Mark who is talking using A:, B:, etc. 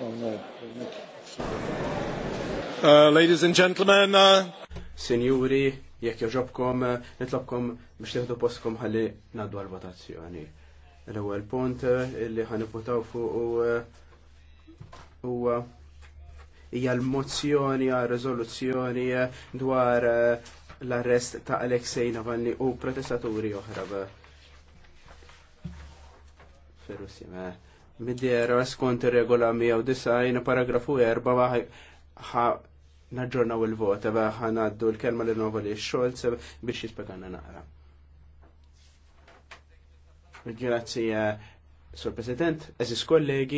A: Uh,
B: ladies and gentlemen, uh... jekk joġobkom, uh, nitlobkom biex teħdu postkom ħalli naddu għal-votazzjoni. L-ewwel punt uh, li ħaniputaw fuq huwa hija l-mozzjoni għal riżoluzzjoni dwar l-arrest ta' Alexej Navalny u protestaturi oħra
A: fir-Russja
B: bidjera skont ir-regola 190 paragrafu 4 ħa naġġornaw il-vot, eba ħa naddu l-kelma li nova li xolz biex jispeganna naqra. Grazzi, Sur President, eżis kollegi,